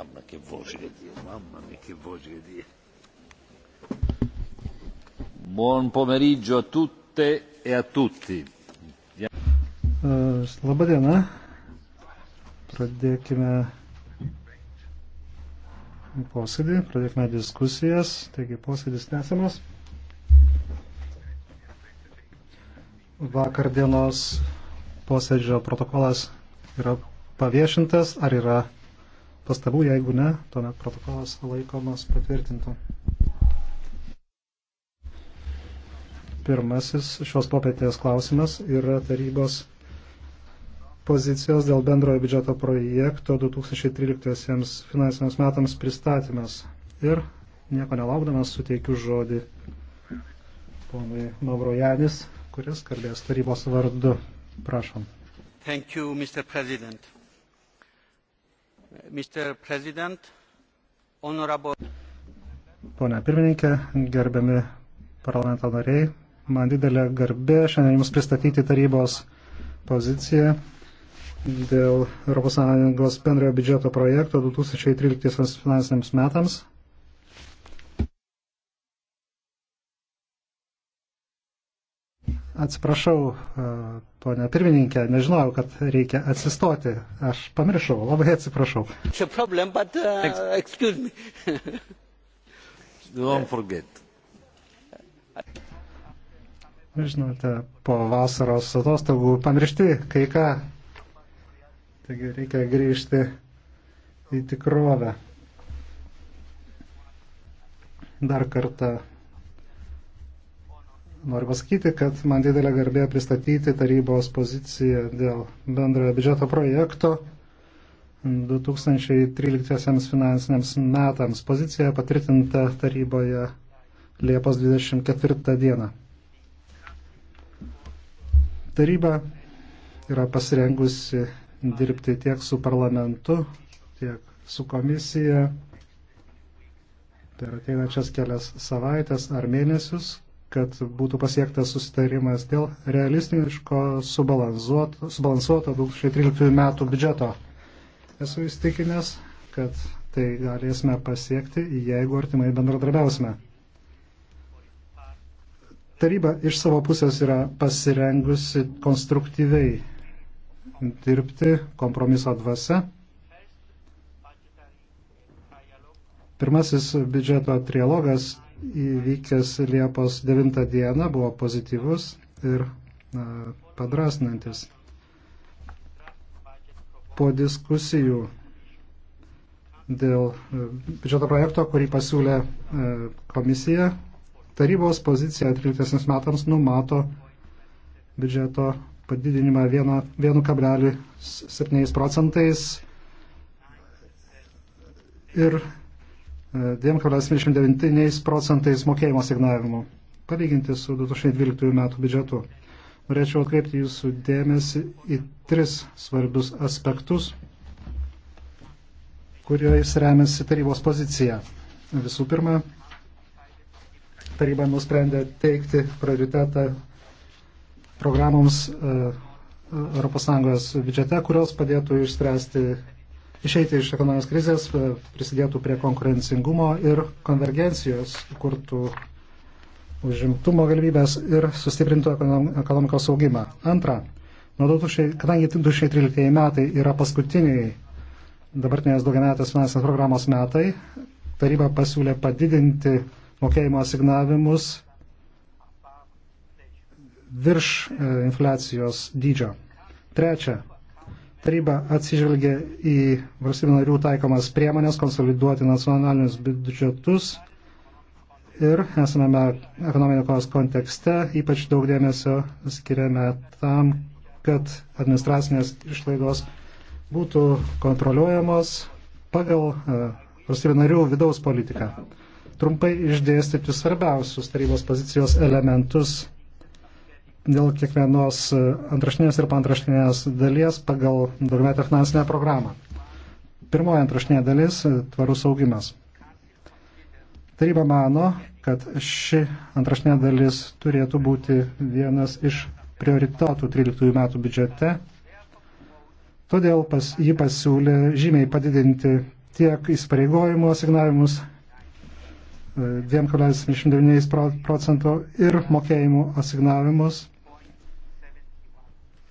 Mamma che voce che Dio, mamma mia che voce che Dio. Buon pomeriggio a tutte e a tutti. Uh, Labadiena. Pradėkime posėdį, pradėkime diskusijas. Taigi posėdis nesamas. Vakar dienos posėdžio protokolas yra paviešintas, ar yra pastabų, jeigu ne, tuomet protokolas laikomas patvirtintų. Pirmasis šios popietės klausimas yra tarybos pozicijos dėl bendrojo biudžeto projekto 2013 finansiniams metams pristatymas. Ir nieko nelaukdamas suteikiu žodį ponui Mavrojanis, kuris kalbės tarybos vardu. Prašom. Thank you, Mr. President. Mr. President, honorable. Pone pirmininkė, gerbiami parlamento nariai, man didelė garbė šiandien Jums pristatyti tarybos poziciją dėl ES bendrojo biudžeto projekto 2013 finansiniams metams. Atsiprašau, e, ponia pirmininkė, nežinojau, kad reikia atsistoti. Aš pamiršau, labai atsiprašau. Čia problem, but uh, excuse me. Don't forget. Žinote, po vasaros atostogų pamiršti kai ką. Taigi reikia grįžti į tikrovę. Dar kartą Noriu pasakyti, kad man didelė garbė pristatyti tarybos poziciją dėl bendrojo biudžeto projekto 2013 finansiniams metams. Pozicija patvirtinta taryboje Liepos 24 dieną. Taryba yra pasirengusi dirbti tiek su parlamentu, tiek su komisija per ateinačias kelias savaitės ar mėnesius, kad būtų pasiektas susitarimas dėl realistiško subalansuoto, subalansuoto 2013 metų biudžeto. Esu įstikinęs, kad tai galėsime pasiekti, jeigu artimai bendradarbiausime. Taryba iš savo pusės yra pasirengusi konstruktyviai dirbti kompromiso dvasia. Pirmasis biudžeto trialogas įvykęs Liepos 9 dieną buvo pozityvus ir padrasnantis. Po diskusijų dėl e, biudžeto projekto, kurį pasiūlė e, komisija, tarybos pozicija 13 metams numato biudžeto padidinimą 1,7 procentais ir 2,79 procentais mokėjimo signavimų, palyginti su 2012 metų biudžetu. Norėčiau atkreipti jūsų dėmesį į tris svarbius aspektus, kuriais remiasi tarybos pozicija. Visų pirma, taryba nusprendė teikti prioritetą programoms ES e, biudžete, kurios padėtų išspręsti išeiti iš ekonominės krizės, e, prisidėtų prie konkurencingumo ir konvergencijos, kurtų užimtumo galimybės ir sustiprintų ekonomikos augimą. Antra, nuo 2000, kadangi 2013 metai yra paskutiniai dabartinės daugiametės finansinės programos metai, taryba pasiūlė padidinti mokėjimo asignavimus virš e, infliacijos dydžio. Trečia, Taryba atsižvelgia į valstybių narių taikomas priemonės konsoliduoti nacionalinius biudžetus ir esame ekonomikos kontekste ypač daug dėmesio skiriame tam, kad administracinės išlaidos būtų kontroliuojamos pagal e, valstybių narių vidaus politiką. Trumpai išdėstyti svarbiausius tarybos pozicijos elementus dėl kiekvienos e, antraštinės ir pantraštinės dalies pagal daugiametę finansinę programą. Pirmoji antraštinė dalis - tvarus augimas. Taryba mano, kad ši antraštinė dalis turėtų būti vienas iš prioritetų 13 metų biudžete. Todėl pas, jį pasiūlė žymiai padidinti tiek įsipareigojimų asignavimus, 2,79 procentų ir mokėjimų asignavimus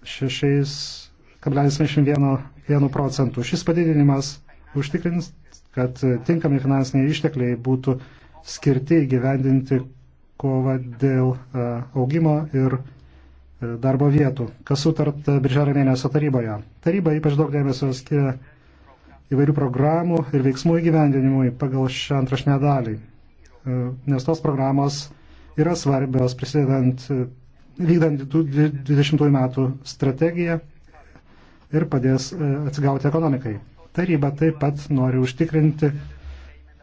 6,71 procentų. Šis padidinimas užtikrins, kad tinkami finansiniai ištekliai būtų skirti gyvendinti kovą dėl e, augimo ir e, darbo vietų, kas sutarta birželio mėnesio taryboje. Taryba ypač daug dėmesio skiria įvairių programų ir veiksmų įgyvendinimui pagal šią antrašinę dalį nes tos programos yra svarbios prisidedant, vykdant 20 metų strategiją ir padės e, atsigauti ekonomikai. Taryba taip pat nori užtikrinti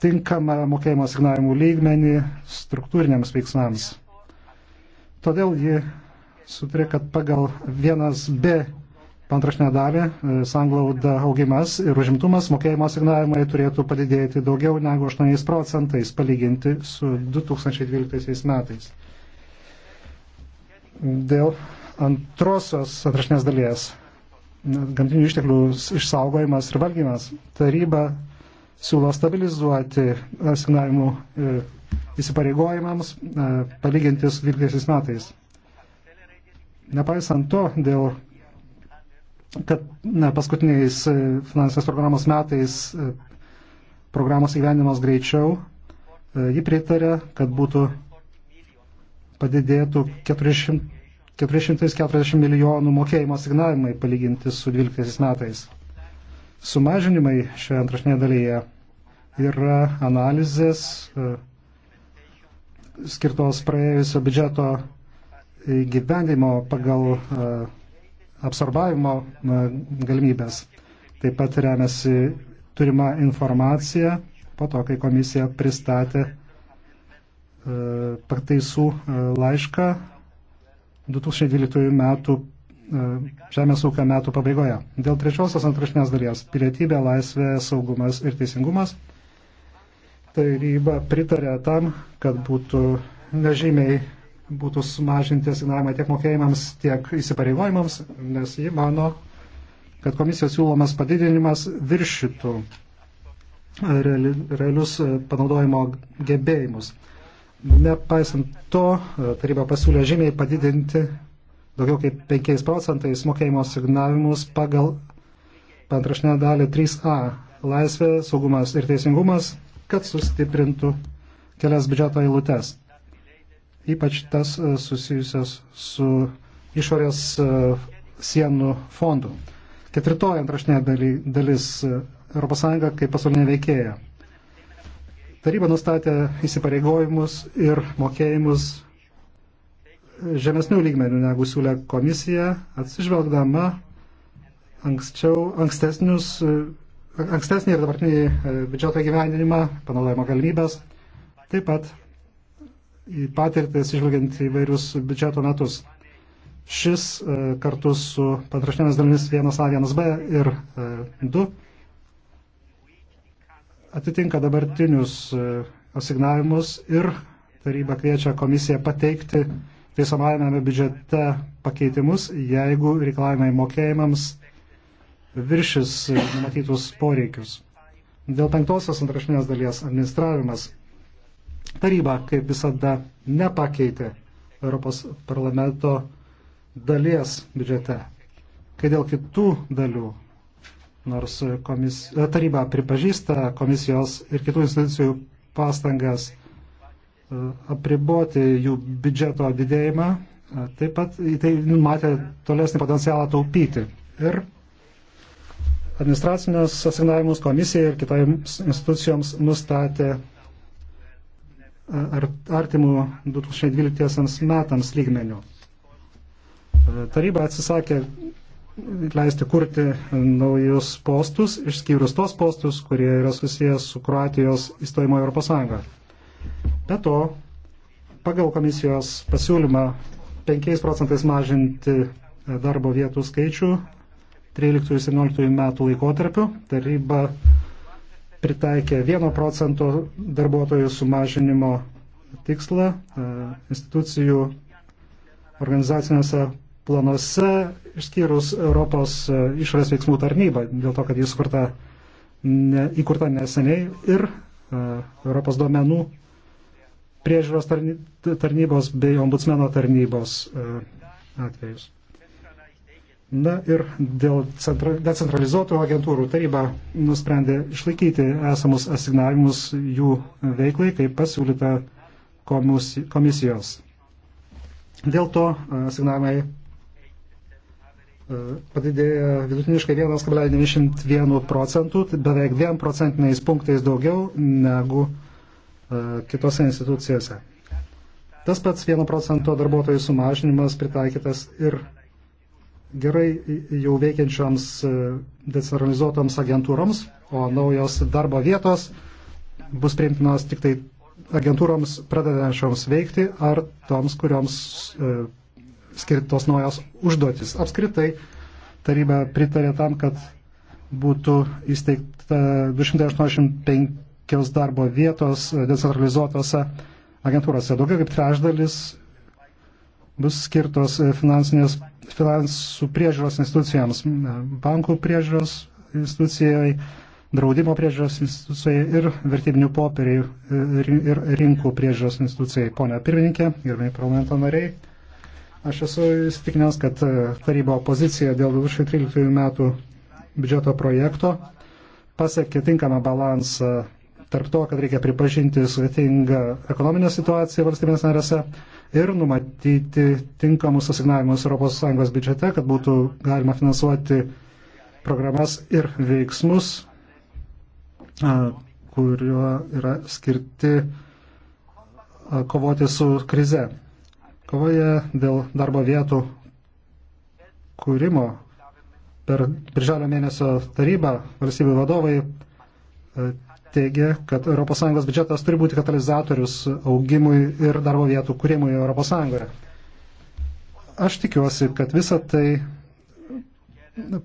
tinkamą mokėjimo signavimų lygmenį struktūriniams veiksmams. Todėl ji sutrė, kad pagal 1B antrašinę dalį, e, sanglauda augimas ir užimtumas mokėjimo signavimai turėtų padidėti daugiau negu 8 procentais palyginti su 2012 metais. Dėl antrosios antrašinės dalies gamtinių išteklių išsaugojimas ir valgymas taryba siūlo stabilizuoti asignavimų e, įsipareigojimams e, palyginti su 2012 metais. Nepaisant to, dėl kad ne, paskutiniais e, finansinės programos metais e, programos įgyvenimas greičiau. E, ji pritarė, kad būtų padidėtų 400, 440 milijonų mokėjimo signavimai palyginti su 12 metais. Sumažinimai šioje antrašinėje dalyje yra analizės skirtos praėjusio biudžeto gyvenimo pagal absorbavimo galimybės. Taip pat remiasi turima informacija po to, kai komisija pristatė e, pataisų e, laišką 2012 metų e, Žemės ūkio metų pabaigoje. Dėl trečiosios antrašinės dalies - pilietybė, laisvė, saugumas ir teisingumas. Taryba pritarė tam, kad būtų nežymiai būtų sumažinti asignavimai tiek mokėjimams, tiek įsipareigojimams, nes ji mano, kad komisijos siūlomas padidinimas viršytų reali, realius e, panaudojimo gebėjimus. Nepaisant to, e, taryba pasiūlė žymiai padidinti daugiau kaip 5 procentais mokėjimo signavimus pagal pantrašinę dalį 3A - laisvė, saugumas ir teisingumas, kad sustiprintų kelias biudžeto eilutes ypač tas e, susijusias su išorės e, sienų fondu. Ketvirtoji antrašinė dalis ES kaip pasaulinė veikėja. Taryba nustatė įsipareigojimus ir mokėjimus žemesnių lygmenių negu siūlė komisija, atsižvelgdama anksčiau, ankstesnius, e, ankstesnį ir dabartinį biudžeto gyvenimą, panaudojimo galimybės, taip pat į patirtis, išvelgiant įvairius biudžeto metus. Šis e, kartu su patrašinėmis dalimis 1A, 1B ir 2 e, atitinka dabartinius e, asignavimus ir taryba kviečia komisiją pateikti teisamajame biudžete pakeitimus, jeigu reikalavimai mokėjimams viršis numatytus poreikius. Dėl penktosios antrašinės dalies administravimas Taryba, kaip visada, nepakeitė Europos parlamento dalies biudžete. Kai dėl kitų dalių, nors komis, e, taryba pripažįsta komisijos ir kitų institucijų pastangas e, apriboti jų biudžeto didėjimą, e, taip pat į tai matė tolesnį potencialą taupyti. Ir administracinės asignavimus komisijai ir kitoms institucijoms nustatė artimų 2012 metams lygmenių. E, taryba atsisakė leisti kurti naujus postus, išskyrus tos postus, kurie yra susijęs su Kroatijos įstojimo Europos Sąjunga. Be to, pagal komisijos pasiūlymą 5 procentais mažinti e, darbo vietų skaičių 13-17 metų laikotarpiu, taryba pritaikė 1 procento darbuotojų sumažinimo tikslą e, institucijų organizacinėse planuose, išskyrus Europos e, išorės veiksmų tarnybą, dėl to, kad jis kurta, ne, įkurta neseniai ir uh, Europos duomenų priežiūros tarnybos bei ombudsmeno tarnybos uh, atvejus. Na ir dėl decentralizuotų agentūrų taryba nusprendė išlaikyti esamus asignavimus jų veiklai, kaip pasiūlyta komisijos. Dėl to e, asignavimai e, padidėjo vidutiniškai 1,91 procentų, tai beveik 2 procentiniais punktais daugiau negu e, kitose institucijose. Tas pats 1 procento darbuotojų sumažinimas pritaikytas ir gerai jau veikiančioms e, decentralizuotoms agentūroms, o naujos darbo vietos bus priimtinos tik tai agentūroms pradedančioms veikti ar toms, kurioms e, skirtos naujos užduotis. Apskritai, taryba pritarė tam, kad būtų įsteigta 285 darbo vietos e, decentralizuotose agentūrose. Daugiau kaip trešdalis bus skirtos e, finansinės, finansų priežiūros institucijams, e, bankų priežiūros institucijai, draudimo priežiūros institucijai ir vertybinių popierių e, ir rinkų priežiūros institucijai. Pone pirmininkė, gerbėjai parlamento nariai, aš esu įstikinęs, kad tarybo pozicija dėl 2013 metų biudžeto projekto pasiekė tinkamą balansą tarp to, kad reikia pripažinti sudėtingą ekonominę situaciją valstybės narėse ir numatyti tinkamus asignavimus ES biudžete, kad būtų galima finansuoti programas ir veiksmus, kurio yra skirti kovoti su krize. Kovoje dėl darbo vietų kūrimo per birželio mėnesio tarybą valstybių vadovai teigia, kad ES biudžetas turi būti katalizatorius augimui ir darbo vietų kūrimui ES. Aš tikiuosi, kad visa tai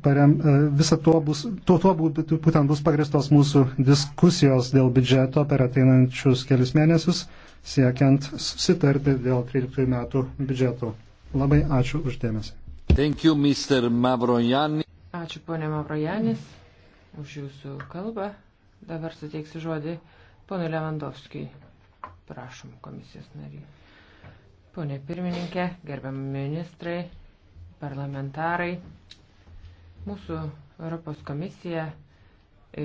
parem, e, visa tuo bus, tuo, tuo būtent bus pagristos mūsų diskusijos dėl biudžeto per ateinančius kelius mėnesius, siekiant susitarti dėl 13 metų biudžeto. Labai ačiū uždėmesi. Thank you, Mr. Mavrojani. Ačiū, ponė Mavrojanis, už jūsų kalbą. Dabar suteiksiu žodį ponui Levandovskijui. Prašom, komisijos nariai. Pone pirmininkė, gerbiam ministrai, parlamentarai, mūsų Europos komisija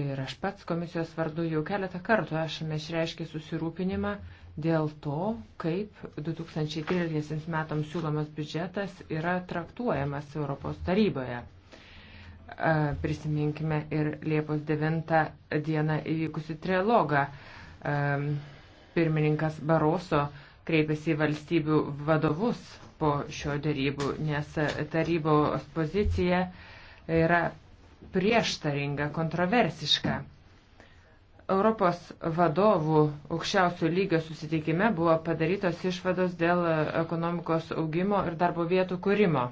ir aš pats komisijos vardu jau keletą kartų esame išreiškę susirūpinimą dėl to, kaip 2013 metams siūlomas biudžetas yra traktuojamas Europos taryboje. Prisiminkime ir Liepos 9 dieną įvykusi trilogą. Pirmininkas Baroso kreipėsi į valstybių vadovus po šio dėrybų, nes tarybos pozicija yra prieštaringa, kontroversiška. Europos vadovų aukščiausių lygio susitikime buvo padarytos išvados dėl ekonomikos augimo ir darbo vietų kūrimo.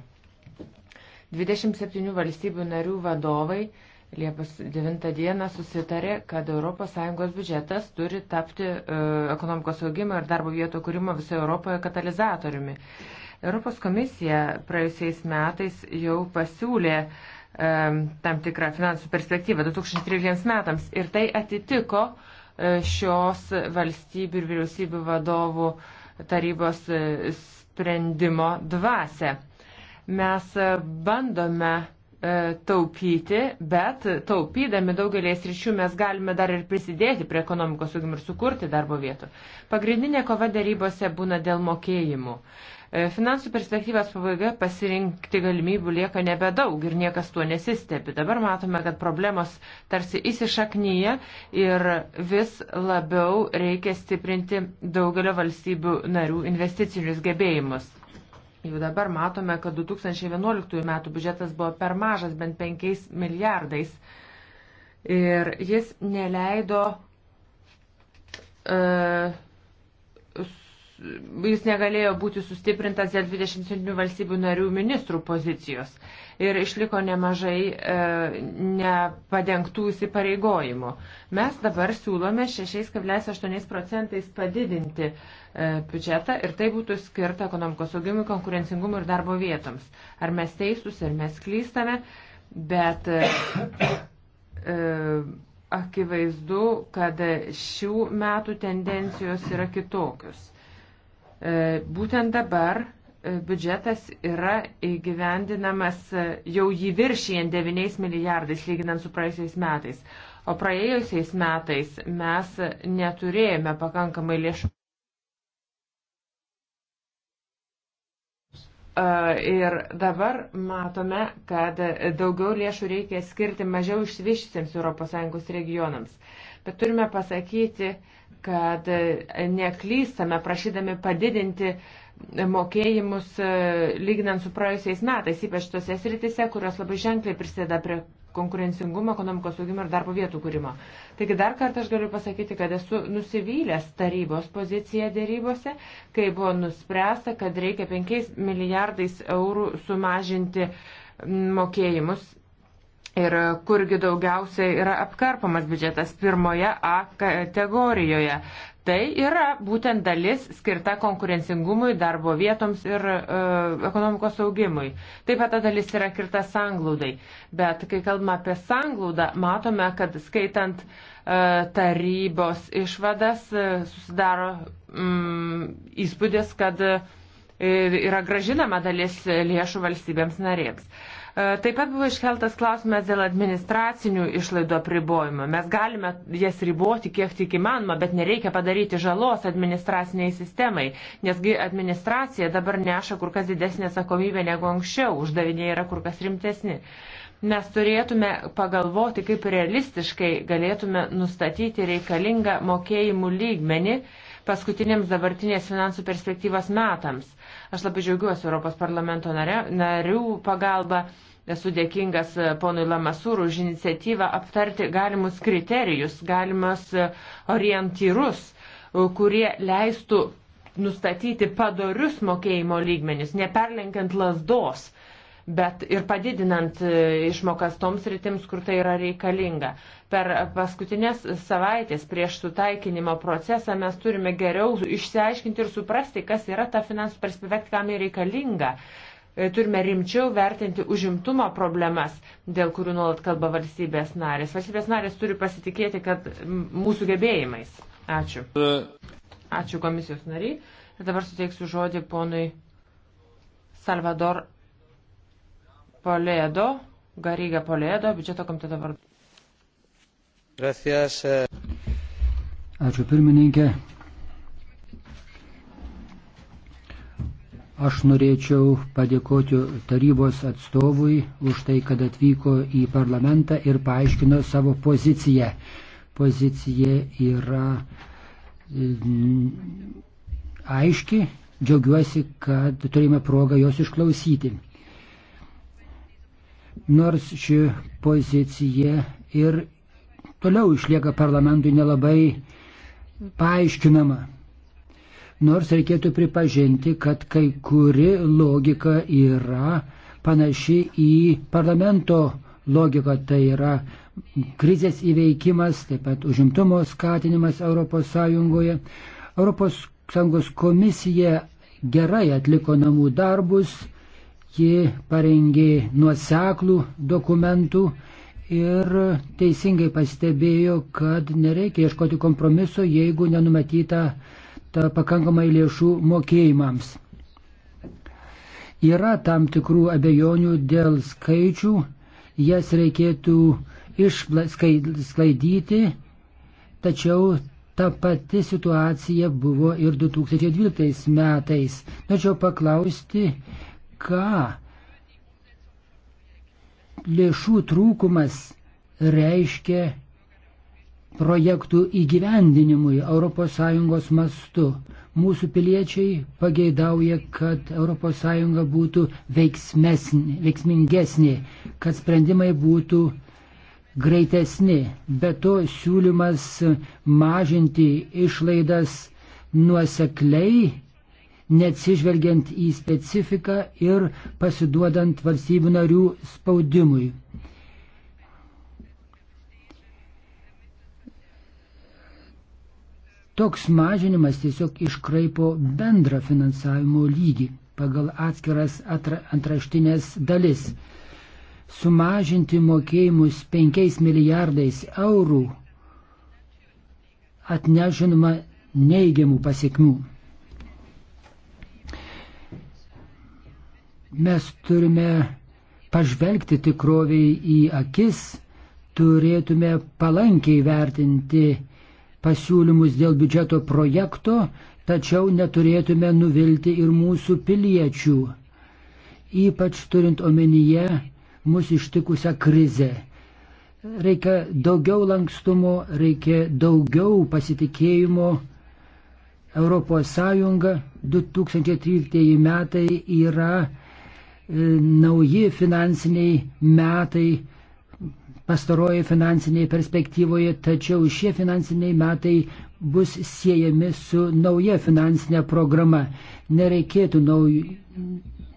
27 valstybių narių vadovai Liepos 9 dieną susitarė, kad ES biudžetas turi tapti e, ekonomikos augimo ir darbo vietų kūrimo visoje Europoje katalizatoriumi. Europos komisija praėjusiais metais jau pasiūlė e, tam tikrą finansų perspektyvą 2013 metams ir tai atitiko e, šios valstybių ir vyriausybių vadovų tarybos e, sprendimo dvasę. Mes e, bandome e, taupyti, bet taupydami daugelės ryšių mes galime dar ir prisidėti prie ekonomikos augimų ir sukurti darbo vietų. Pagrindinė kova darybose būna dėl mokėjimų. E, finansų perspektyvas pabaiga pasirinkti galimybių lieka nebedaug ir niekas tuo nesistebi. Dabar matome, kad problemos tarsi įsišaknyja ir vis labiau reikia stiprinti daugelio valstybių narių investicinius gebėjimus. Jau dabar matome, kad 2011 metų biudžetas buvo per mažas bent 5 milijardais ir jis neleido uh, jis negalėjo būti sustiprintas dėl 27 valstybių narių ministrų pozicijos ir išliko nemažai e, nepadengtų įsipareigojimų. Mes dabar siūlome 6,8 procentais padidinti e, biudžetą ir tai būtų skirta ekonomikos augimui, konkurencingumui ir darbo vietoms. Ar mes teisūs, ar mes klystame, bet. E, e, Akivaizdu, kad šių metų tendencijos yra kitokios E, būtent dabar e, biudžetas yra įgyvendinamas e, jau jį viršijant 9 milijardais lyginant su praėjusiais metais. O praėjusiais metais mes neturėjome pakankamai lėšų. Ir dabar matome, kad daugiau lėšų reikia skirti mažiau išsivyščiusiems ES regionams. Bet turime pasakyti, kad neklystame prašydami padidinti mokėjimus e, lyginant su praėjusiais metais, ypač tose sritise, kurios labai ženkliai prisideda prie konkurencingumo, ekonomikos augimo ir darbo vietų kūrimo. Taigi dar kartą aš galiu pasakyti, kad esu nusivylęs tarybos poziciją dėrybose, kai buvo nuspręsta, kad reikia 5 milijardais eurų sumažinti mokėjimus ir kurgi daugiausiai yra apkarpamas biudžetas pirmoje A kategorijoje. Tai yra būtent dalis skirta konkurencingumui, darbo vietoms ir e, ekonomikos augimui. Taip pat ta dalis yra skirta sanglaudai. Bet kai kalbame apie sanglaudą, matome, kad skaitant e, tarybos išvadas e, susidaro mm, įspūdis, kad e, yra gražinama dalis lėšų valstybėms narėms. E, Taip pat buvo iškeltas klausimas dėl administracinių išlaidų apribojimo. Mes galime jas riboti kiek tik įmanoma, bet nereikia padaryti žalos administraciniai sistemai, nesgi administracija dabar neša kur kas didesnė atsakomybė negu anksčiau, uždaviniai yra kur kas rimtesni. Mes turėtume pagalvoti, kaip realistiškai galėtume nustatyti reikalingą mokėjimų lygmenį paskutiniams dabartinės finansų perspektyvos metams. Aš labai džiaugiuosi Europos parlamento nare, narių pagalba. Esu dėkingas e, ponui Lamasūrų už iniciatyvą aptarti galimus kriterijus, galimas e, orientyrus, e, kurie leistų nustatyti padorius mokėjimo lygmenis, neperlenkiant lasdos bet ir padidinant e, išmokas toms rytims, kur tai yra reikalinga. Per paskutinės savaitės prieš sutaikinimo procesą mes turime geriau išsiaiškinti ir suprasti, kas yra ta finansų perspektyva, kam ji reikalinga. E, turime rimčiau vertinti užimtumo problemas, dėl kurių nuolat kalba valstybės narės. Valstybės narės turi pasitikėti, kad mūsų gebėjimais. Ačiū. E. Ačiū komisijos nariai. Ir dabar suteiksiu žodį ponui Salvador Polėdo, Garygė Polėdo, biudžeto komiteto vardu. Gracias. Eh. Ačiū pirmininkė. Aš norėčiau padėkoti tarybos atstovui už tai, kad atvyko į parlamentą ir paaiškino savo poziciją. Pozicija yra mm, aiški, džiaugiuosi, kad turime progą jos išklausyti. Nors ši pozicija ir toliau išlieka parlamentui nelabai paaiškinama. Nors reikėtų pripažinti, kad kai kuri logika yra panaši į parlamento logiką, tai yra krizės įveikimas, taip pat užimtumo skatinimas ES. ES komisija gerai atliko namų darbus, Ji parengė nuoseklų dokumentų ir teisingai pastebėjo, kad nereikia ieškoti kompromiso, jeigu nenumatyta ta pakankamai lėšų mokėjimams. Yra tam tikrų abejonių dėl skaičių, jas reikėtų išsklaidyti, tačiau ta pati situacija buvo ir 2012 metais. Tačiau paklausti, ką lėšų trūkumas reiškia projektų įgyvendinimui ES mastu. Mūsų piliečiai pageidauja, kad ES būtų veiksmesnė, veiksmingesnė, kad sprendimai būtų greitesni. Be to siūlymas mažinti išlaidas nuosekliai neatsižvelgiant į specifiką ir pasiduodant valstybių narių spaudimui. Toks mažinimas tiesiog iškraipo bendrą finansavimo lygį pagal atskiras atra, antraštinės dalis. Sumažinti mokėjimus 5 milijardais eurų atnešinama neigiamų pasiekmių. Mes turime pažvelgti tikroviai į akis, turėtume palankiai vertinti pasiūlymus dėl biudžeto projekto, tačiau neturėtume nuvilti ir mūsų piliečių, ypač turint omenyje mūsų ištikusią krizę. Reikia daugiau lankstumo, reikia daugiau pasitikėjimo. ES 2013 metai yra nauji finansiniai metai, pastaroji finansiniai perspektyvoje, tačiau šie finansiniai metai bus siejami su nauja finansinė programa. Nereikėtų naujų,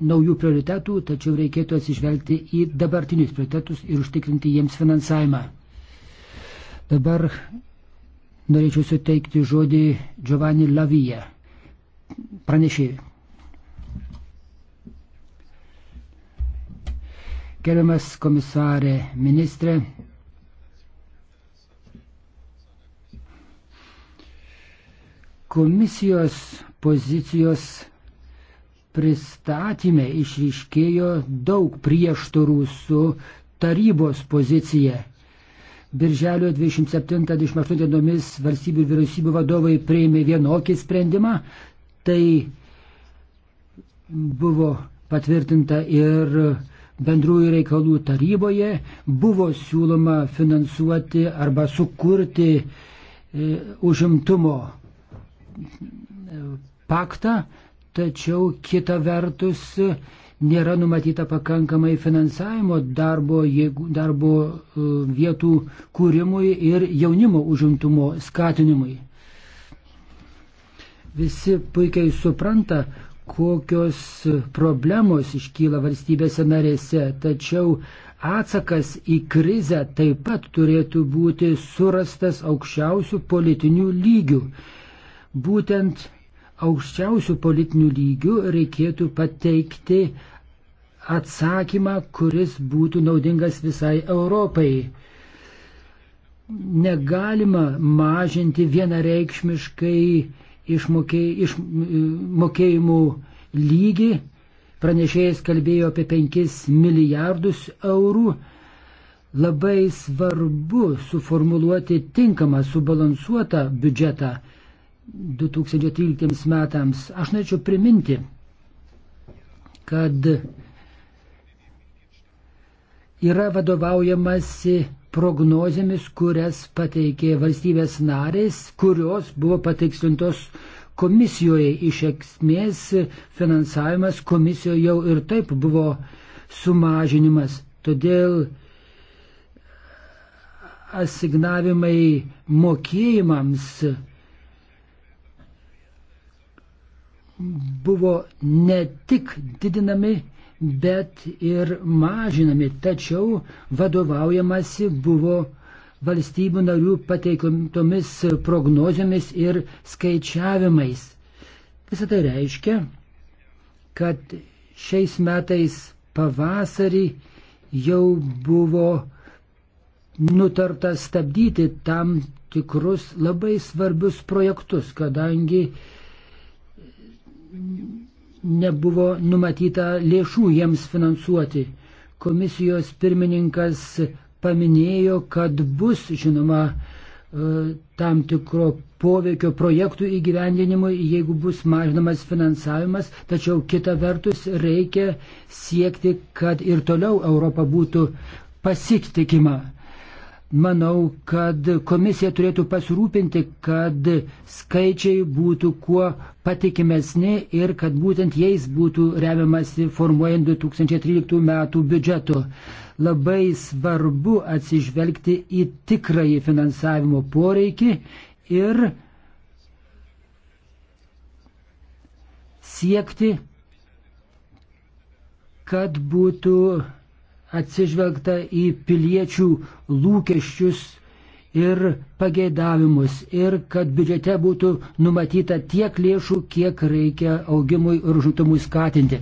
naujų prioritetų, tačiau reikėtų atsižvelgti į dabartinius prioritetus ir užtikrinti jiems finansavimą. Dabar norėčiau suteikti žodį Giovanni Lavija, pranešėjai. Gerbiamas komisarė ministrė. Komisijos pozicijos pristatymė išryškėjo daug prieštarų su tarybos pozicija. Birželio 27-28 dienomis valstybių ir vyriausybių vadovai prieimė vienokį sprendimą, tai buvo patvirtinta ir bendrųjų reikalų taryboje buvo siūloma finansuoti arba sukurti e, užimtumo e, paktą, tačiau kita vertus nėra numatyta pakankamai finansavimo darbo, jėgų, darbo e, vietų kūrimui ir jaunimo užimtumo skatinimui. Visi puikiai supranta, kokios problemos iškyla valstybėse narėse, tačiau atsakas į krizę taip pat turėtų būti surastas aukščiausių politinių lygių. Būtent aukščiausių politinių lygių reikėtų pateikti atsakymą, kuris būtų naudingas visai Europai. Negalima mažinti vienareikšmiškai išmokėjimų e, lygį. Pranešėjas kalbėjo apie 5 milijardus eurų. Labai svarbu suformuluoti tinkamą, subalansuotą biudžetą 2013 metams. Aš norėčiau priminti, kad yra vadovaujamasi prognozėmis, kurias pateikė valstybės narės, kurios buvo patikslintos komisijoje. Iš esmės finansavimas komisijoje jau ir taip buvo sumažinimas. Todėl asignavimai mokėjimams buvo ne tik didinami, bet ir mažinami. Tačiau vadovaujamasi buvo valstybių narių pateiktomis prognozėmis ir skaičiavimais. Visą tai reiškia, kad šiais metais pavasarį jau buvo nutarta stabdyti tam tikrus labai svarbius projektus, kadangi nebuvo numatyta lėšų jiems finansuoti. Komisijos pirmininkas paminėjo, kad bus, žinoma, e, tam tikro poveikio projektų įgyvendinimui, jeigu bus mažinamas finansavimas, tačiau kita vertus reikia siekti, kad ir toliau Europa būtų pasitikima. Manau, kad komisija turėtų pasirūpinti, kad skaičiai būtų kuo patikimesni ir kad būtent jais būtų remiamasi formuojant 2013 metų biudžeto. Labai svarbu atsižvelgti į tikrąjį finansavimo poreikį ir siekti, kad būtų atsižvelgta į piliečių lūkesčius ir pageidavimus ir kad biudžete būtų numatyta tiek lėšų, kiek reikia augimui ir žutumui skatinti.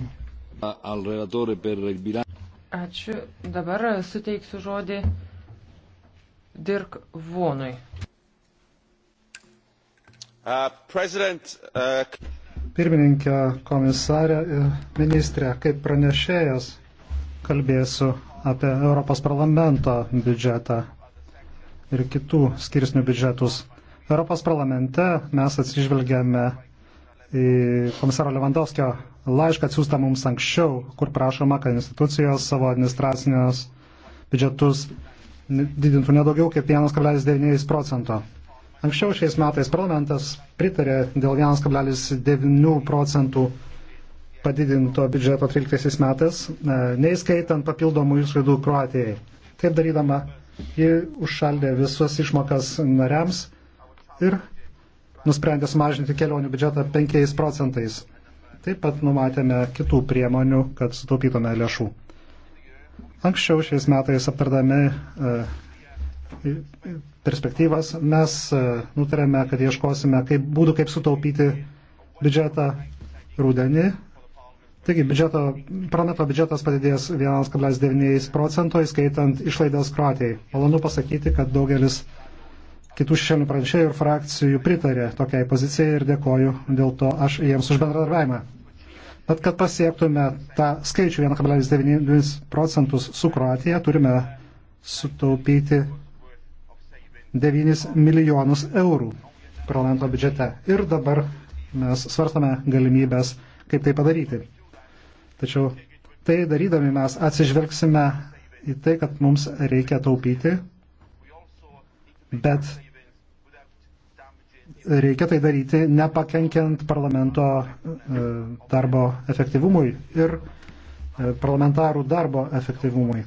Ačiū. Dabar suteiksiu žodį Dirk Vonui. Uh, uh... Pirmininkė, komisarė, ministrė, kaip pranešėjas kalbėsiu apie Europos parlamento biudžetą ir kitų skirsnių biudžetus. Europos parlamente mes atsižvelgiame į komisaro Levandovskio laišką atsiųstą mums anksčiau, kur prašoma, kad institucijos savo administracinius biudžetus didintų nedaugiau kaip 1,9 procento. Anksčiau šiais metais parlamentas pritarė dėl 1,9 procentų padidinto biudžeto 13 metais, e, neįskaitant papildomų išlaidų Kroatijai. Taip darydama, ji užšaldė visas išmokas nariams ir nusprendė sumažinti kelionių biudžetą 5 procentais. Taip pat numatėme kitų priemonių, kad sutaupytume lėšų. Anksčiau šiais metais aptardami e, perspektyvas mes e, nutarėme, kad ieškosime kaip, būdų, kaip sutaupyti biudžetą rūdenį Taigi, biudžeto, parlamento biudžetas padidės 1,9 procento, įskaitant išlaidas Kroatijai. Malonu pasakyti, kad daugelis kitų šešėlių pranešėjų ir frakcijų pritarė tokiai pozicijai ir dėkoju dėl to aš jiems už bendradarbiavimą. Bet kad pasiektume tą skaičių 1,9 procentus su Kroatija, turime sutaupyti 9 milijonus eurų parlamento biudžete. Ir dabar mes svarstame galimybės, kaip tai padaryti. Tačiau tai darydami mes atsižvelgsime į tai, kad mums reikia taupyti, bet reikia tai daryti nepakenkiant parlamento e, darbo efektyvumui ir e, parlamentarų darbo efektyvumui.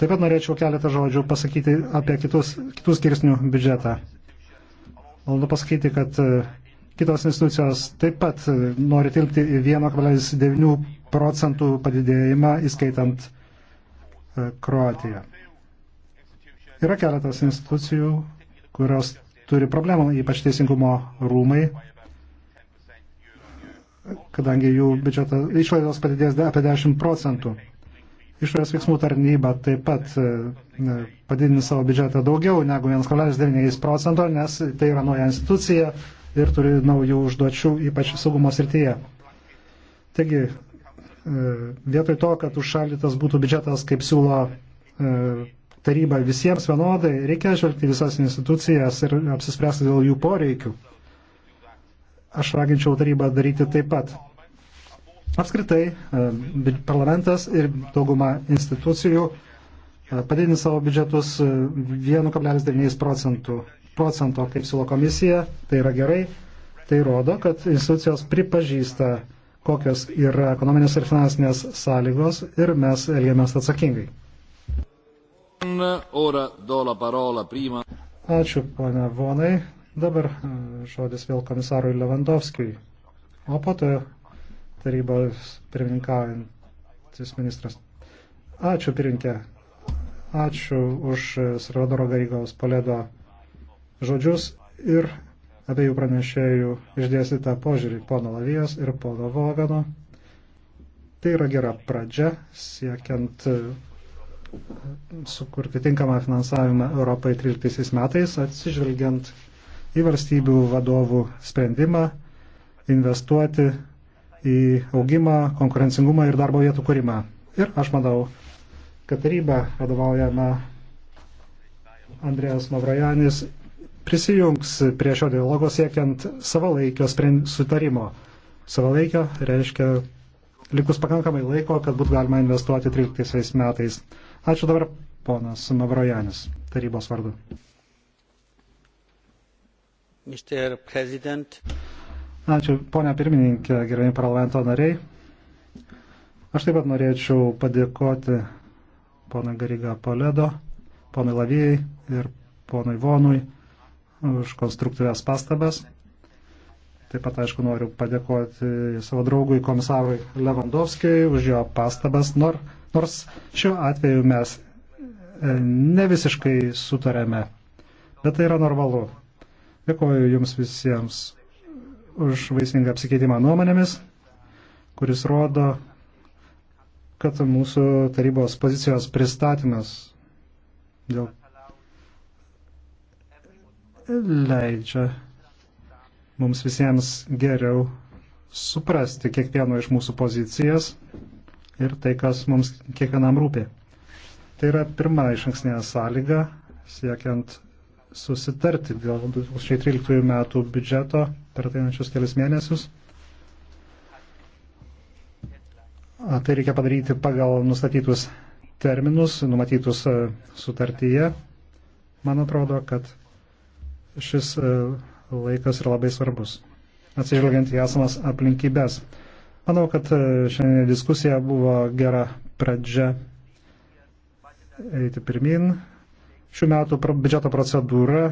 Taip pat norėčiau keletą žodžių pasakyti apie kitus, kitus skirsnių biudžetą. Malonu pasakyti, kad e, kitos institucijos taip pat e, nori tilpti į 1,9 procentų padidėjimą, įskaitant e, Kroatiją. Yra keletas institucijų, kurios turi problemų, ypač teisingumo rūmai, kadangi jų biudžeto išlaidos padidės apie 10 procentų. Išorės veiksmų tarnyba taip pat e, padidins savo biudžetą daugiau negu 1,9 procento, nes tai yra nauja institucija, ir turi naujų užduočių, ypač saugumo srityje. Taigi, e, vietoj to, kad užšaldytas būtų biudžetas, kaip siūlo e, taryba visiems vienodai, reikia žvelgti visas institucijas ir apsispręsti dėl jų poreikių. Aš raginčiau tarybą daryti taip pat. Apskritai, e, parlamentas ir dauguma institucijų padidins savo biudžetus 1,9 procentų procento, kaip siūlo komisija, tai yra gerai. Tai rodo, kad institucijos pripažįsta, kokios yra ekonominės ir finansinės sąlygos ir mes elgiamės atsakingai. Ačiū, ponia Vonai. Dabar mm, žodis vėl komisarui Levandovskijui. O po to tarybos pirmininkaujantis ministras. Ačiū, pirinkė. Ačiū už Salvadoro Garygos Poledo žodžius ir abiejų pranešėjų išdėstytą požiūrį pono Lavijos ir pono Vogano. Tai yra gera pradžia siekiant e, sukurti tinkamą finansavimą Europai 13 metais, atsižvelgiant į valstybių vadovų sprendimą investuoti į augimą, konkurencingumą ir darbo vietų kūrimą. Ir aš manau, kad taryba vadovaujama Andrėjas Mavrojanis prisijungs prie šio dialogo siekiant savalaikio sutarimo. Savalaikio reiškia likus pakankamai laiko, kad būtų galima investuoti 13 metais. Ačiū dabar ponas Mavrojanis, tarybos vardu. Mr. President. Ačiū, ponia pirmininkė, gerbėjai parlamento nariai. Aš taip pat norėčiau padėkoti ponai Gariga Poledo, ponai Lavijai ir ponai Vonui už konstruktyves pastabas. Taip pat, aišku, noriu padėkoti savo draugui komisarui Levandovskijui už jo pastabas, nor, nors šiuo atveju mes e, ne visiškai sutarėme, bet tai yra normalu. Dėkoju Jums visiems už vaisingą apsikeitimą nuomonėmis, kuris rodo, kad mūsų tarybos pozicijos pristatymas dėl leidžia mums visiems geriau suprasti kiekvieno iš mūsų pozicijas ir tai, kas mums kiekvienam rūpi. Tai yra pirma iš anksnė sąlyga, siekiant susitarti dėl 2013 metų biudžeto per ateinančius kelias mėnesius. Tai reikia padaryti pagal nustatytus terminus, numatytus e, sutartyje. Man atrodo, kad šis e, laikas yra labai svarbus, atsižvelgiant į esamas aplinkybės. Manau, kad e, šiandien diskusija buvo gera pradžia eiti pirmin. Šių metų biudžeto procedūra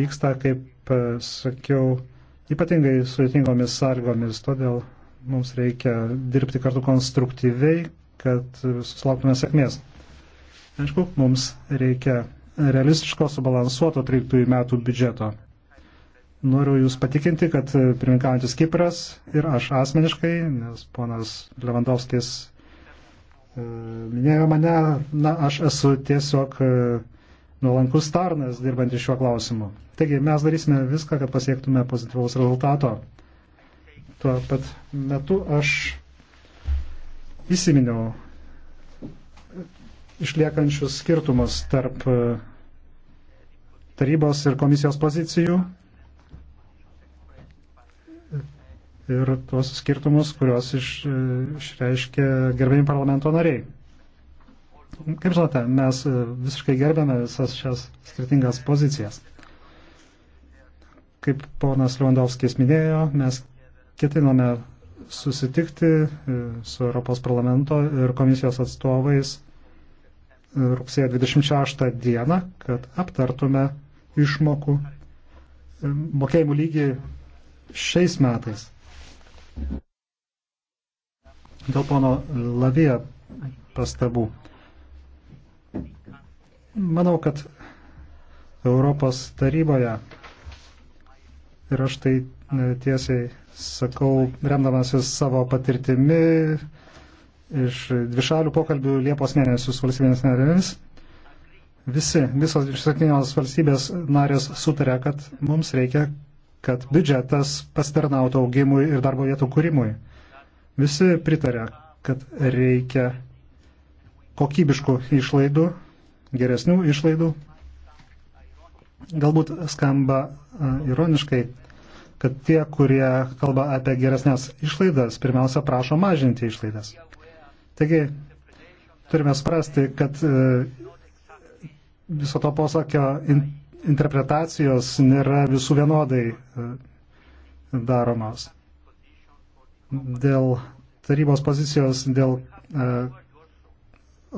vyksta, kaip e, sakiau, ypatingai sudėtingomis sąlygomis, todėl mums reikia dirbti kartu konstruktyviai, kad susilauktume sėkmės. Aišku, mums reikia realistiško subalansuoto 13 metų biudžeto. Noriu Jūs patikinti, kad pirmininkaujantis Kipras ir aš asmeniškai, nes ponas Levandovskis e, minėjo mane, na, aš esu tiesiog e, nuolankus tarnas dirbantys šiuo klausimu. Taigi mes darysime viską, kad pasiektume pozityvaus rezultato. Tuo pat metu aš įsiminiau išliekančius skirtumus tarp e, tarybos ir komisijos pozicijų ir tuos skirtumus, kuriuos iš, e, išreiškė gerbėjim parlamento nariai. Kaip žinote, mes e, visiškai gerbėme visas šias skirtingas pozicijas. Kaip ponas Lewandowskis minėjo, mes ketiname susitikti su Europos parlamento ir komisijos atstovais rugsėjo 26 dieną, kad aptartume išmokų e, mokėjimų lygį šiais metais. Dėl pono Lavija pastabų. Manau, kad Europos taryboje ir aš tai e, tiesiai sakau, remdamasis savo patirtimi, iš dvišalių pokalbių Liepos mėnesių su valstybėmis narėmis. Visi, visos 27 valstybės narės sutarė, kad mums reikia, kad biudžetas pasitarnautų augimui ir darbo vietų kūrimui. Visi pritarė, kad reikia kokybiškų išlaidų, geresnių išlaidų. Galbūt skamba ironiškai, kad tie, kurie kalba apie geresnės išlaidas, pirmiausia prašo mažinti išlaidas. Taigi turime suprasti, kad e, viso to posakio interpretacijos nėra visų vienodai e, daromos. Dėl tarybos pozicijos, dėl e,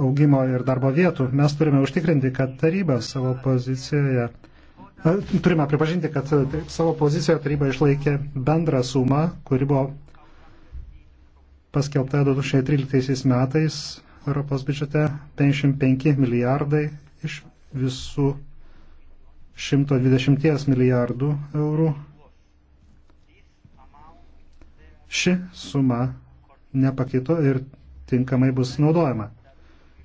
augimo ir darbo vietų, mes turime užtikrinti, kad taryba savo pozicijoje, turime pripažinti, kad savo pozicijoje taryba išlaikė bendrą sumą, kuri buvo paskelbta 2013 metais Europos biudžete 55 milijardai iš visų 120 milijardų eurų. Ši suma nepakito ir tinkamai bus naudojama.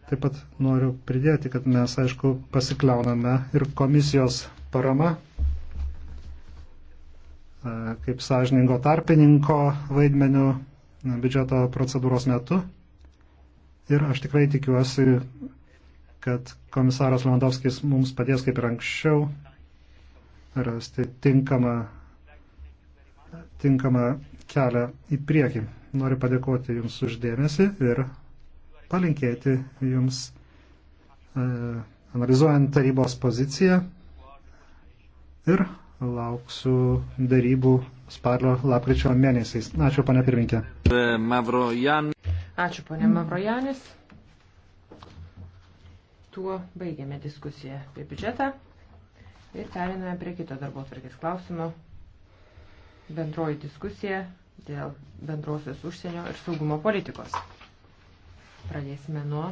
Taip pat noriu pridėti, kad mes, aišku, pasikliauname ir komisijos parama e, kaip sąžiningo tarpininko vaidmeniu biudžeto procedūros metu. Ir aš tikrai tikiuosi, kad komisaras Lewandowskis mums padės kaip ir anksčiau rasti tinkamą, tinkamą kelią į priekį. Noriu padėkoti Jums uždėmesi ir palinkėti Jums, e, analizuojant tarybos poziciją ir lauksiu darybų spalio lapkričio mėnesiais. Ačiū, pane pirminkė. Mavrojan. Ačiū, pane Mavrojanis. Tuo baigėme diskusiją apie biudžetą ir periname prie kito darbo tvarkės klausimo. Bendroji diskusija dėl bendrosios užsienio ir saugumo politikos. Pradėsime nuo